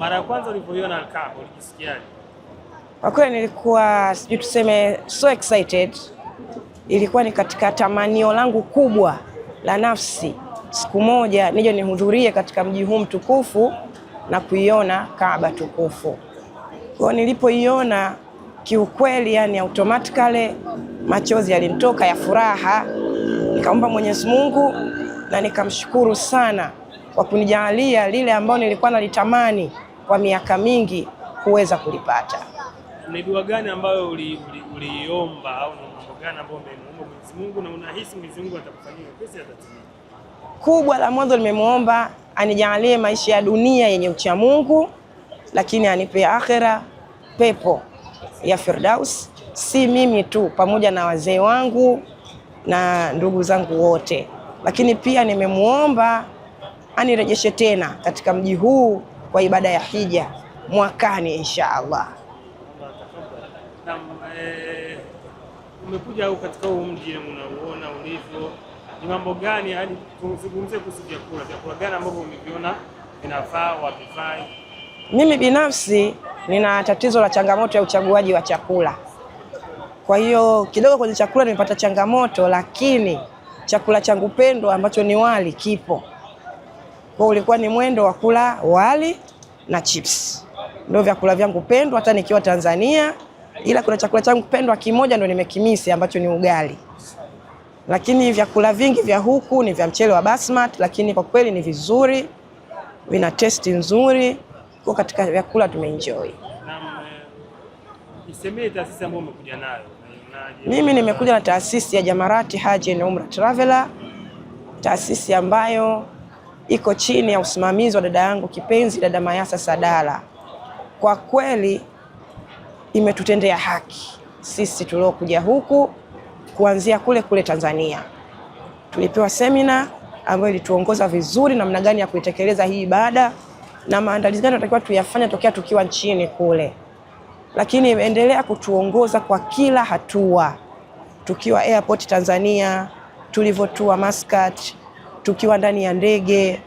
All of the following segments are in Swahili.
Mara ya kwanza ulipoiona Alkaba ulijisikiaje? Kwa kweli nilikuwa sijui tuseme so excited. Ilikuwa ni katika tamanio langu kubwa la nafsi, siku moja nije nihudhurie katika mji huu mtukufu na kuiona Kaaba tukufu. Kwa nilipoiona kiukweli, yani automatically machozi yalinitoka ya furaha, nikaomba Mwenyezi Mungu na nikamshukuru sana kwa kunijalia lile ambalo nilikuwa nalitamani kwa miaka mingi kuweza kulipata. Ni dua gani ambayo uliomba au ni mambo gani ambayo umemuomba Mwenyezi Mungu na unahisi Mwenyezi Mungu atakufanyia pesa atatimia? Kubwa la mwanzo nimemuomba anijalie maisha ya dunia yenye ucha Mungu, lakini anipe akhera pepo ya Firdaus, si mimi tu, pamoja na wazee wangu na ndugu zangu wote. Lakini pia nimemuomba anirejeshe tena katika mji huu kwa ibada ya hija mwakani insha Allah. Eh, umekuja au katika huu mji unauona ulivyo, ni mambo gani hadi yaani, tuzungumzie kuhusu vyakula, vyakula gani ambavyo umeviona vinafaa wavifai? Mimi binafsi nina tatizo la changamoto ya uchaguaji wa chakula, kwa hiyo kidogo kwenye chakula nimepata changamoto, lakini chakula changu pendwa ambacho ni wali kipo. Kwa ulikuwa ni mwendo wa kula wali na chips, ndio vyakula vyangu pendwa hata nikiwa Tanzania, ila kuna chakula changu pendwa kimoja ndo nimekimisi ambacho ni ugali, lakini vyakula vingi vya huku ni vya mchele wa basmati, lakini kwa kweli ni vizuri, vina testi nzuri, kwa katika vyakula tumeenjoy. Eh, Mimi nimekuja na taasisi ya Jamarati Haji na Umra Traveler, taasisi ambayo iko chini ya usimamizi wa dada yangu kipenzi, dada Mayasa Sadala. Kwa kweli imetutendea haki sisi tuliokuja huku, kuanzia kule kule Tanzania. Tulipewa semina ambayo ilituongoza vizuri namna gani ya kuitekeleza hii ibada na maandalizi gani tunatakiwa tuyafanya tokea tukiwa nchini kule, lakini imeendelea kutuongoza kwa kila hatua, tukiwa airport Tanzania, tulivyotua Muscat tukiwa ndani ya ndege,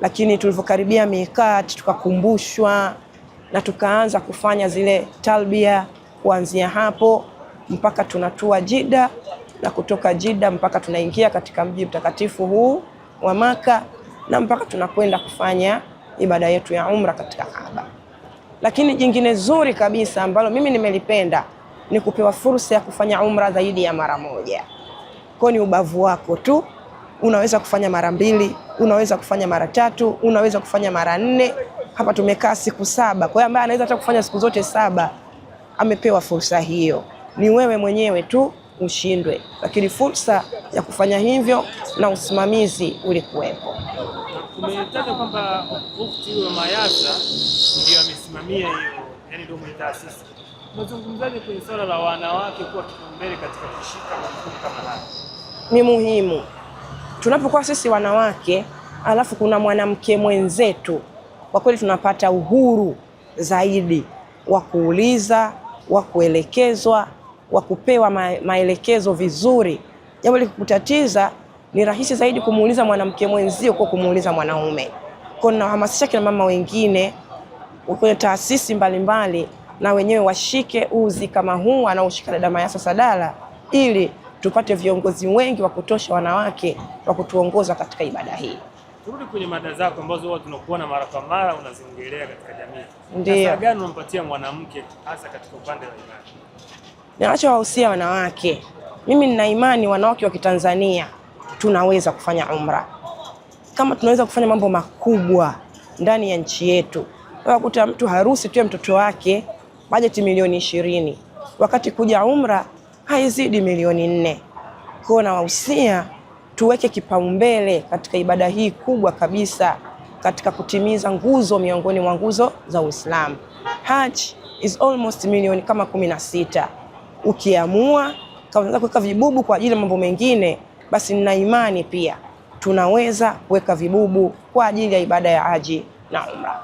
lakini tulivyokaribia mikati tukakumbushwa na tukaanza kufanya zile talbia kuanzia hapo mpaka tunatua Jida na kutoka Jida mpaka tunaingia katika mji mtakatifu huu wa Maka na mpaka tunakwenda kufanya ibada yetu ya umra katika Kaaba. Lakini jingine zuri kabisa ambalo mimi nimelipenda ni kupewa fursa ya kufanya umra zaidi ya mara moja. Kwa ni ubavu wako tu unaweza kufanya mara mbili, unaweza kufanya mara tatu, unaweza kufanya mara nne. Hapa tumekaa siku saba, kwa hiyo ambaye anaweza hata kufanya siku zote saba amepewa fursa hiyo. Ni wewe mwenyewe tu ushindwe, lakini fursa ya kufanya hivyo na usimamizi ulikuwepo. Tumetaja kwamba mufti wa Mayasa ndio amesimamia hiyo, yani ndio mwenye taasisi. Unazungumzaje kwenye swala la wanawake kuwa kipaumbele katika kushika majukumu kama haya? Ni muhimu tunapokuwa sisi wanawake alafu kuna mwanamke mwenzetu, kwa kweli tunapata uhuru zaidi wa kuuliza, wa kuelekezwa, wa kupewa maelekezo vizuri. Jambo likikutatiza ni rahisi zaidi kumuuliza mwanamke mwenzio kwa kumuuliza mwanaume. Kwa nawahamasisha kina mama wengine kwenye taasisi mbalimbali, na wenyewe washike uzi kama huu anaoshika dada Mayasa Sadala ili tupate viongozi wengi wa kutosha wanawake wa kutuongoza katika ibada hii. Turudi kwenye mada zako ambazo huwa tunakuona mara kwa mara unaziongelea katika jamii. Ndio. gani unampatia mwanamke hasa katika upande wa ibada? Ninachowahusia wanawake, mimi nina imani wanawake wa Kitanzania tunaweza kufanya umra, kama tunaweza kufanya mambo makubwa ndani ya nchi yetu. Wakuta mtu harusi tu ya mtoto wake bajeti milioni ishirini, wakati kuja umra haizidi milioni nne. Kwa nawahusia tuweke kipaumbele katika ibada hii kubwa kabisa katika kutimiza nguzo miongoni mwa nguzo za Uislamu. Hajj is almost milioni kama kumi na sita. Ukiamua kama kuweka vibubu kwa ajili ya mambo mengine, basi nina imani pia tunaweza kuweka vibubu kwa ajili ya ibada ya haji na umra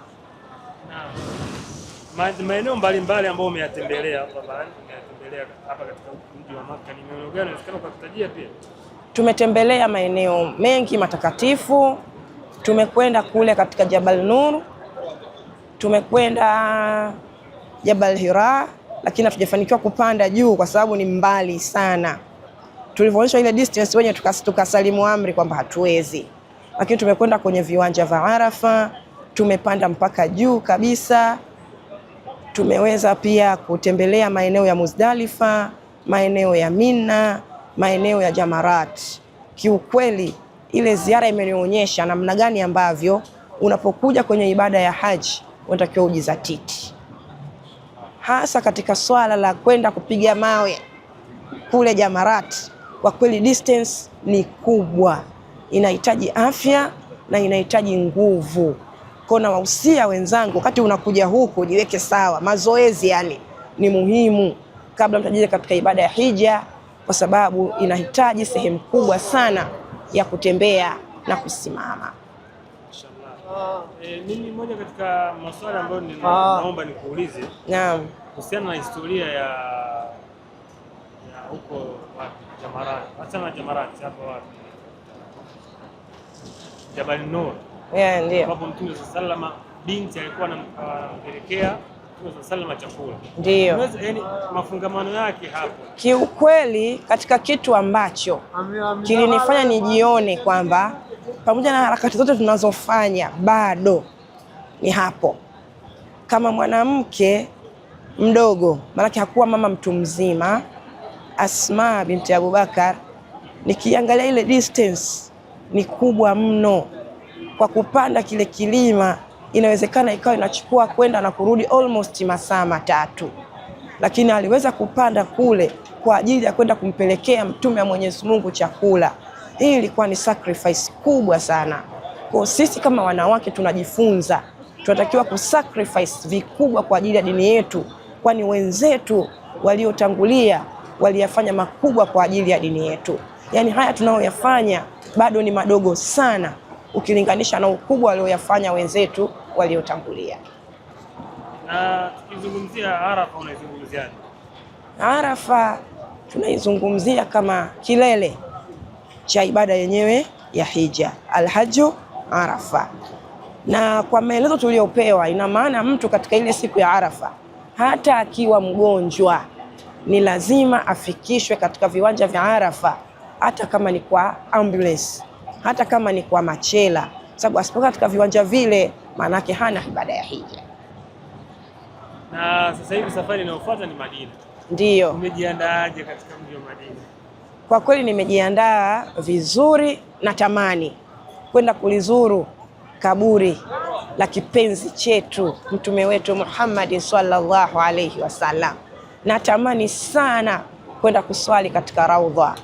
maeneo mbalimbali ambayo umeyatembelea hapa barani, umeyatembelea hapa katika mji wa Maka, ni maeneo gani unaweza pia? Tumetembelea maeneo mengi matakatifu, tumekwenda kule katika Jabal Nur, tumekwenda Jabal Hira, lakini hatujafanikiwa kupanda juu kwa sababu ni mbali sana. Tulivyoonyeshwa ile distance wenye tukasalimu amri kwamba hatuwezi, lakini tumekwenda kwenye viwanja vya Arafa, tumepanda mpaka juu kabisa Tumeweza pia kutembelea maeneo ya Muzdalifa, maeneo ya Mina, maeneo ya Jamarat. Kiukweli ile ziara imenionyesha namna gani ambavyo unapokuja kwenye ibada ya haji unatakiwa ujizatiti, hasa katika swala la kwenda kupiga mawe kule Jamarat. Kwa kweli distance ni kubwa, inahitaji afya na inahitaji nguvu. Kwa na wenzangu, wakati unakuja huku jiweke sawa. Mazoezi yani ni muhimu kabla mtajaja katika ibada ya hija, kwa sababu inahitaji sehemu kubwa sana ya kutembea na kusimama. Eh, mimi moja katika maswali ambayo ninaomba ah. nikuulize. Naam. Kuhusiana na historia ya huko Jamarani. Hata na Jamarani hapo wapi? Jabal Nur yeah, ndio sababu Mtume salama binti alikuwa anampelekea salama chakula. Ndio yani mafungamano yake hapo, kiukweli katika kitu ambacho kilinifanya nijione kwamba pamoja na harakati zote tunazofanya bado ni hapo kama mwanamke mdogo, maanake hakuwa mama mtu mzima. Asma binti Abubakar, nikiangalia ile distance ni kubwa mno kwa kupanda kile kilima inawezekana ikawa inachukua kwenda na kurudi almost masaa matatu, lakini aliweza kupanda kule kwa ajili ya kwenda kumpelekea mtume wa Mwenyezi Mungu chakula. Hii ilikuwa ni sacrifice kubwa sana. Kwa sisi kama wanawake tunajifunza, tunatakiwa kusacrifice vikubwa kwa ajili ya dini yetu, kwani wenzetu waliotangulia waliyafanya makubwa kwa ajili ya dini yetu. Yaani haya tunayoyafanya bado ni madogo sana ukilinganisha na ukubwa walioyafanya wenzetu waliotangulia. Na kizungumzia Arafa, unaizungumziaje? Arafa tunaizungumzia kama kilele cha ibada yenyewe ya hija, alhaju Arafa. Na kwa maelezo tuliyopewa, ina maana mtu katika ile siku ya Arafa hata akiwa mgonjwa ni lazima afikishwe katika viwanja vya Arafa, hata kama ni kwa ambulance hata kama ni kwa machela, sababu asipo katika viwanja vile, maanake hana ibada ya hija. Na sasa hivi safari inayofuata ni Madina. ndio Umejiandaaje katika mji wa Madina? Kwa kweli nimejiandaa vizuri, natamani kwenda kulizuru kaburi la kipenzi chetu mtume wetu Muhammad sallallahu alaihi wasallam. Natamani sana kwenda kuswali katika raudha,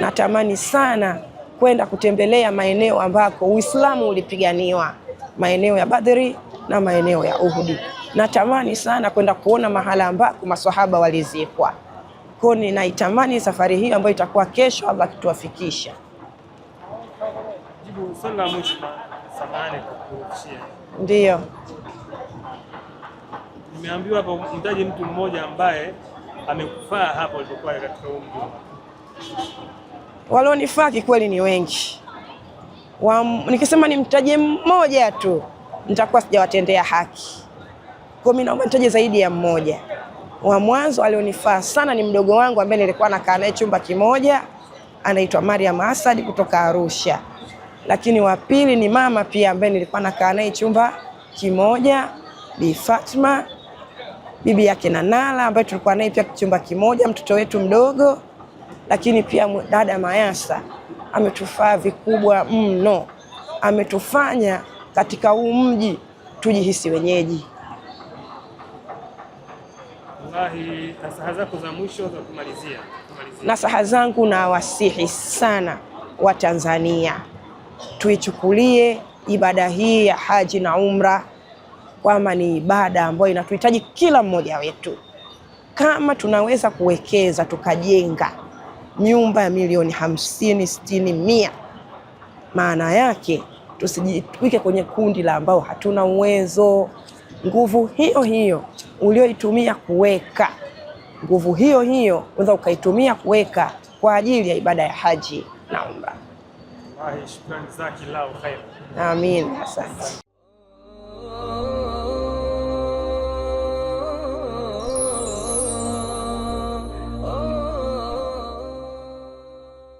natamani sana kwenda kutembelea maeneo ambako Uislamu ulipiganiwa, maeneo ya Badri na maeneo ya Uhudi. Natamani sana kwenda kuona mahala ambako maswahaba walizikwa. Kwa hiyo ninaitamani safari hii ambayo itakuwa kesho Allah kituwafikisha Ndiyo. Nimeambiwa hapo mtaji mtu mmoja ambaye amekufaa hapo alipokuwa katika umri walionifaki kweli ni wengi. Nikisema nimtaje mmoja tu nitakuwa sijawatendea haki, kwa mimi naomba nitaje zaidi ya mmoja. Wa mwanzo alionifaa sana ni mdogo wangu ambaye nilikuwa nakaa naye chumba kimoja, anaitwa Mariam Asad kutoka Arusha. Lakini wa pili ni mama pia ambaye nilikuwa nakaa naye chumba kimoja, Bi Fatma, bibi yake Nanala ambaye tulikuwa naye pia chumba kimoja, mtoto wetu mdogo lakini pia dada Mayasa ametufaa vikubwa mno mm, ametufanya katika huu mji tujihisi wenyeji. Wallahi, nasaha zako za mwisho za kumalizia. Nasaha zangu na wasihi sana wa Tanzania tuichukulie ibada hii ya haji na umra kwamba ni ibada ambayo inatuhitaji kila mmoja wetu. Kama tunaweza kuwekeza tukajenga nyumba ya milioni hamsini, sitini, mia. Maana yake tusijitwike kwenye kundi la ambao hatuna uwezo. Nguvu hiyo hiyo ulioitumia kuweka, nguvu hiyo hiyo unaweza ukaitumia kuweka kwa ajili ya ibada ya haji na umra. Shukrani Amin, asante.